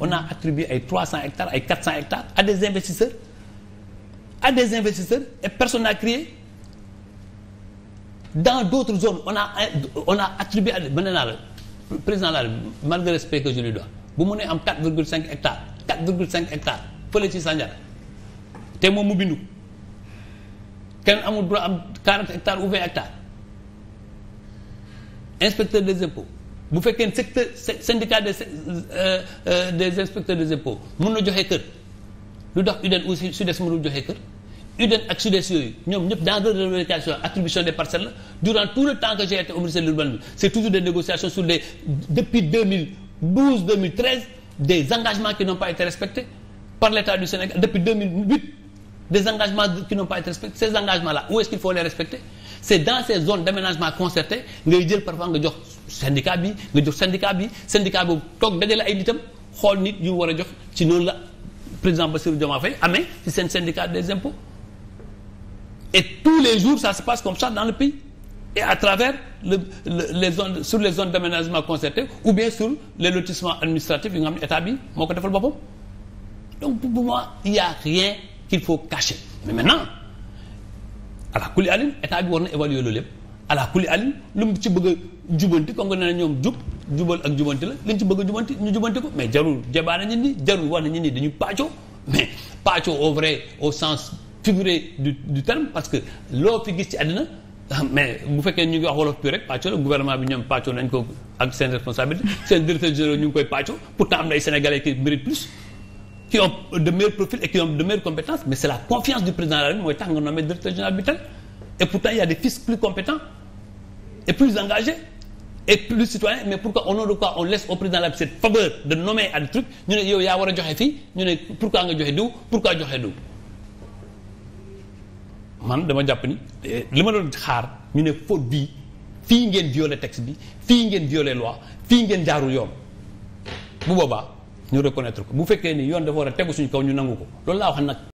on a attribué ay 300 hectares ay 400 hectares à des investisseurs à des investisseurs et personne n'a crié dans d'autres zones on a on a attribué à mën naa la président la malgré respect que je lui dois bu mu nee am 4,5 hectares 4,5 hectares fële ci Sandiara te moom mu bindu kenn amul droit am 40 hectares ou 20 hectares inspecteur des impôts bu fekkee secteur syndicat des euh, euh, des inspecteurs des impôts mun na joxe kër lu dox UDEN aussi SUDES mënul joxe kër ak SUDES yooyu ñoom ñëpp dans leur revendication attribution des parcelles la durant tout le temps que j'ai été au ministère de l'urbanisme c'est toujours des négociations sur les depuis 2012 2013 des engagements qui n'ont pas été respectés par l'État du Sénégal depuis des engagements qui n'ont pas été respectés ces engagements là où est-ce qu'il faut les respecter c'est dans ces zones d'aménagement concerté ngay jël parfois nga jox syndicat bi nga jox syndicat bi syndicat boobu toog dajale ay nitam xool nit yu war a jox ci noonu la président Bassirou Diomaye Faye amee ci seen syndicat des impôts et tous les jours ça se passe comme ça dans le pays et à travers le, le les zones sur les zones d'aménagement concerté ou bien sur les lotissements administratifs yi nga xam ne état bi moo ko defal boppam qu'il faut cacher mais maintenant ala kulli alim état bi war na évaluer loolu lépp ala kulli alim lu mu ci bëgg a jubanti comme que nee na ñoom jub jubal ak jubanti la liñ ci bëgg a jubanti ñu jubanti ko mais jarul jabaana ñit ñi jarul wax na ñu nii dañu pàccoo mais pàccoo au vrai au sens figuré du du terme parce que loo fi gis ci àddina ah, mais bu fekkee ñu ngi wax wolof bi rek pàccoo la gouvernement bi ñoom pàccoo nañ ko ak seen responsabilité seen directeur général ñu ngi koy am ay sénégalais qui qui ont de meilleurs profils et qui ont de meilleures compétences mais c'est la confiance du président de la République mooy tax nga nommé directeur général bi tel et pourtant il y a des plus compétents et plus engagés et plus citoyens mais pourquoi au nom de quoi on laisse au président de la République cette de nommer à des ñu ne yow yaa war a joxe fii ñu ne pourquoi nga joxe diw pourquoi joxe diw man dama jàpp ni li ma doon xaar ñu ne faute bii fii ngeen violé texte bi fii ngeen violé loi fii ngeen jaarul yoon bu ñu reconnaître ko bu fekkee ni yoon dafa war a tegu suñu kaw ñu nangu ko loolu laa wax nag